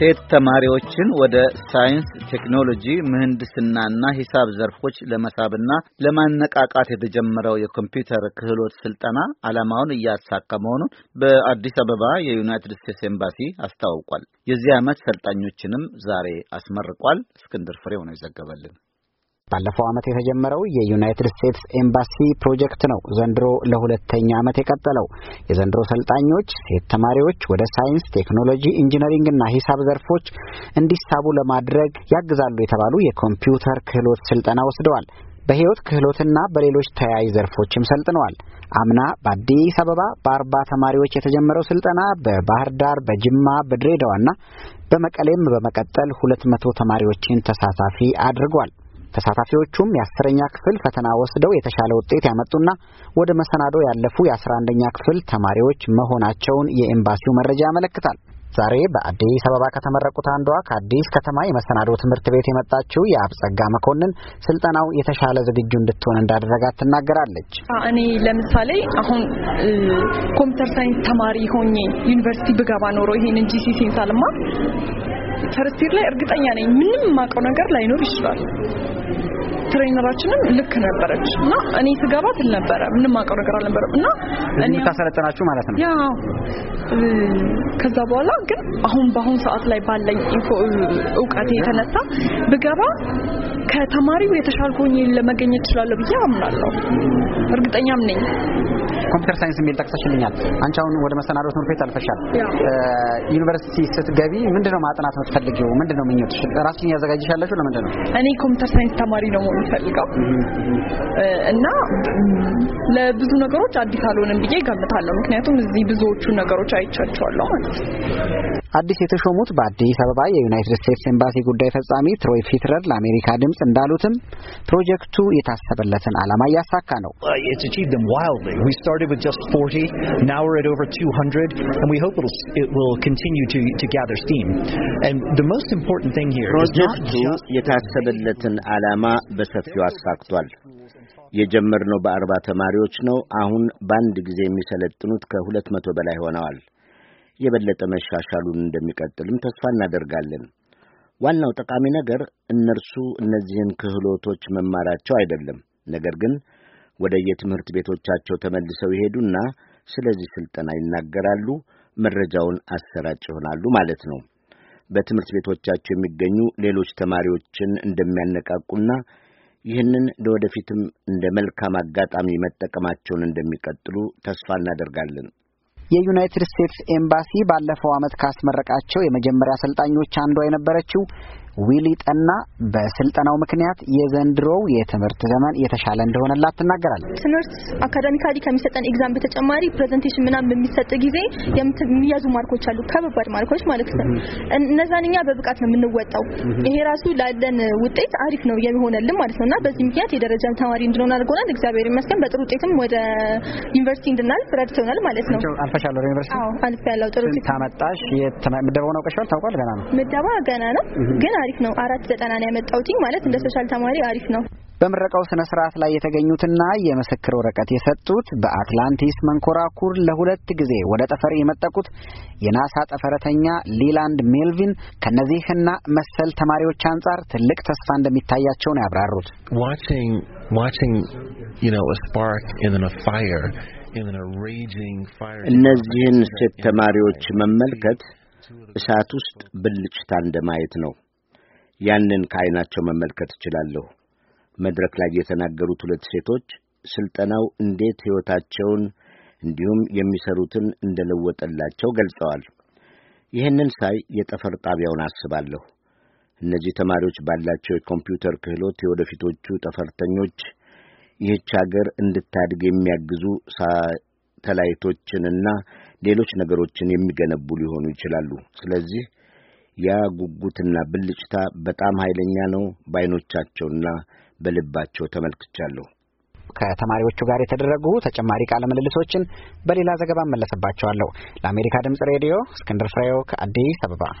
ሴት ተማሪዎችን ወደ ሳይንስ፣ ቴክኖሎጂ፣ ምህንድስናና ሂሳብ ዘርፎች ለመሳብና ለማነቃቃት የተጀመረው የኮምፒውተር ክህሎት ስልጠና ዓላማውን እያሳካ መሆኑን በአዲስ አበባ የዩናይትድ ስቴትስ ኤምባሲ አስታውቋል። የዚህ ዓመት ሰልጣኞችንም ዛሬ አስመርቋል። እስክንድር ፍሬው ነው ይዘገበልን። ባለፈው ዓመት የተጀመረው የዩናይትድ ስቴትስ ኤምባሲ ፕሮጀክት ነው ዘንድሮ ለሁለተኛ ዓመት የቀጠለው። የዘንድሮ ሰልጣኞች ሴት ተማሪዎች ወደ ሳይንስ፣ ቴክኖሎጂ፣ ኢንጂነሪንግና ሂሳብ ዘርፎች እንዲሳቡ ለማድረግ ያግዛሉ የተባሉ የኮምፒውተር ክህሎት ስልጠና ወስደዋል። በህይወት ክህሎትና በሌሎች ተያያዥ ዘርፎችም ሰልጥነዋል። አምና በአዲስ አበባ በአርባ ተማሪዎች የተጀመረው ስልጠና በባህር ዳር፣ በጅማ፣ በድሬዳዋና በመቀሌም በመቀጠል ሁለት መቶ ተማሪዎችን ተሳታፊ አድርጓል። ተሳታፊዎቹም የአስረኛ ክፍል ፈተና ወስደው የተሻለ ውጤት ያመጡና ወደ መሰናዶ ያለፉ የአስራ አንደኛ ክፍል ተማሪዎች መሆናቸውን የኤምባሲው መረጃ ያመለክታል። ዛሬ በአዲስ አበባ ከተመረቁት አንዷ ከአዲስ ከተማ የመሰናዶ ትምህርት ቤት የመጣችው የአብጸጋ መኮንን ስልጠናው የተሻለ ዝግጁ እንድትሆን እንዳደረጋት ትናገራለች። እኔ ለምሳሌ አሁን ኮምፒውተር ሳይንስ ተማሪ ሆኜ ዩኒቨርሲቲ ብገባ ኖሮ ይሄንን እንጂ ሳልማር ፈርስት ላይ እርግጠኛ ነኝ ምንም የማውቀው ነገር ላይኖር ይችላል። ትሬነራችንም ልክ ነበረች እና እኔ ስገባ ትል ነበረ ምንም አውቀው ነገር አልነበረም እና እኔ ታሰለጠናችሁ ማለት ነው። ያው ከዛ በኋላ ግን አሁን በአሁን ሰዓት ላይ ባለኝ እውቀት የተነሳ ብገባ ከተማሪው የተሻልኩኝ ለመገኘት እችላለሁ ብዬ አምናለሁ። እርግጠኛም ነኝ። ኮምፒውተር ሳይንስ የሚል ጠቅሰሽልኛል። አንቺ አሁን ወደ መሰናዶ ትምህርት ቤት አልፈሻል። ዩኒቨርሲቲ ስትገቢ ምንድነው ማጥናት ነው የምትፈልጊው? ምንድን ነው ምኞትሽ? ራስሽን ያዘጋጅሻለሽ ለምንድን ነው? እኔ ኮምፒውተር ሳይንስ ተማሪ ነው መሆን የምፈልገው እና ለብዙ ነገሮች አዲስ አልሆንም ብዬ ገምታለሁ። ምክንያቱም እዚህ ብዙዎቹ ነገሮች አይቻቸዋለሁ ማለት አዲስ የተሾሙት በአዲስ አበባ የዩናይትድ ስቴትስ ኤምባሲ ጉዳይ ፈጻሚ ትሮይ ፊትረር ለአሜሪካ ድምፅ እንዳሉትም ፕሮጀክቱ የታሰበለትን ዓላማ እያሳካ ነው። uh, ፕሮጀክቱ የታሰበለትን ዓላማ በሰፊው አሳክቷል። የጀመርነው በአርባ ተማሪዎች ነው። አሁን በአንድ ጊዜ የሚሰለጥኑት ከሁለት መቶ በላይ ሆነዋል። የበለጠ መሻሻሉን እንደሚቀጥልም ተስፋ እናደርጋለን። ዋናው ጠቃሚ ነገር እነርሱ እነዚህን ክህሎቶች መማራቸው አይደለም፣ ነገር ግን ወደ የትምህርት ቤቶቻቸው ተመልሰው ይሄዱና ስለዚህ ስልጠና ይናገራሉ፣ መረጃውን አሰራጭ ይሆናሉ ማለት ነው። በትምህርት ቤቶቻቸው የሚገኙ ሌሎች ተማሪዎችን እንደሚያነቃቁና ይህንን ለወደፊትም እንደ መልካም አጋጣሚ መጠቀማቸውን እንደሚቀጥሉ ተስፋ እናደርጋለን። የዩናይትድ ስቴትስ ኤምባሲ ባለፈው ዓመት ካስመረቃቸው የመጀመሪያ አሰልጣኞች አንዷ የነበረችው ዊሊ ጠና በስልጠናው ምክንያት የዘንድሮው የትምህርት ዘመን የተሻለ እንደሆነላት ትናገራለች። ትምህርት አካዳሚካሊ ከሚሰጠን ኤግዛም በተጨማሪ ፕሬዘንቴሽን ምናምን በሚሰጥ ጊዜ የሚያዙ ማርኮች አሉ፣ ከበባድ ማርኮች ማለት ነው። እነዛን እኛ በብቃት ነው የምንወጣው። ይሄ ራሱ ላለን ውጤት አሪፍ ነው የሚሆነልን ማለት ነውና በዚህ ምክንያት የደረጃ ተማሪ እንድንሆን አድርጎናል። እግዚአብሔር ይመስገን በጥሩ ውጤትም ወደ ዩኒቨርሲቲ እንድናልፍ ረድቶናል ማለት ነው። አልፈሻለሁ ዩኒቨርሲቲ? አዎ አልፌያለሁ። ጥሩ ውጤት ታመጣሽ። ምደባውን አውቀሻል? ታውቋል? ገና ነው ምደባ ገና ነው ግን አሪፍ ነው። አራት ዘጠና ነው ያመጣሁትኝ ማለት እንደ ሶሻል ተማሪ አሪፍ ነው። በምረቃው ስነ ስርዓት ላይ የተገኙትና የምስክር ወረቀት የሰጡት በአትላንቲስ መንኮራኩር ለሁለት ጊዜ ወደ ጠፈር የመጠቁት የናሳ ጠፈረተኛ ሊላንድ ሜልቪን ከእነዚህና መሰል ተማሪዎች አንጻር ትልቅ ተስፋ እንደሚታያቸው ነው ያብራሩት። እነዚህን ሴት ተማሪዎች መመልከት እሳት ውስጥ ብልጭታ እንደማየት ነው። ያንን ከዐይናቸው መመልከት እችላለሁ። መድረክ ላይ የተናገሩት ሁለት ሴቶች ስልጠናው እንዴት ሕይወታቸውን እንዲሁም የሚሰሩትን እንደለወጠላቸው ገልጸዋል። ይህንን ሳይ የጠፈር ጣቢያውን አስባለሁ። እነዚህ ተማሪዎች ባላቸው የኮምፒውተር ክህሎት የወደፊቶቹ ጠፈርተኞች ይህች አገር እንድታድግ የሚያግዙ ሳተላይቶችንና ሌሎች ነገሮችን የሚገነቡ ሊሆኑ ይችላሉ። ስለዚህ ያ ጉጉትና ብልጭታ በጣም ኃይለኛ ነው። በዓይኖቻቸውና በልባቸው ተመልክቻለሁ። ከተማሪዎቹ ጋር የተደረጉ ተጨማሪ ቃለ ምልልሶችን በሌላ ዘገባ እመለስባቸዋለሁ። ለአሜሪካ ድምፅ ሬዲዮ እስክንድር ፍሬው ከአዲስ አበባ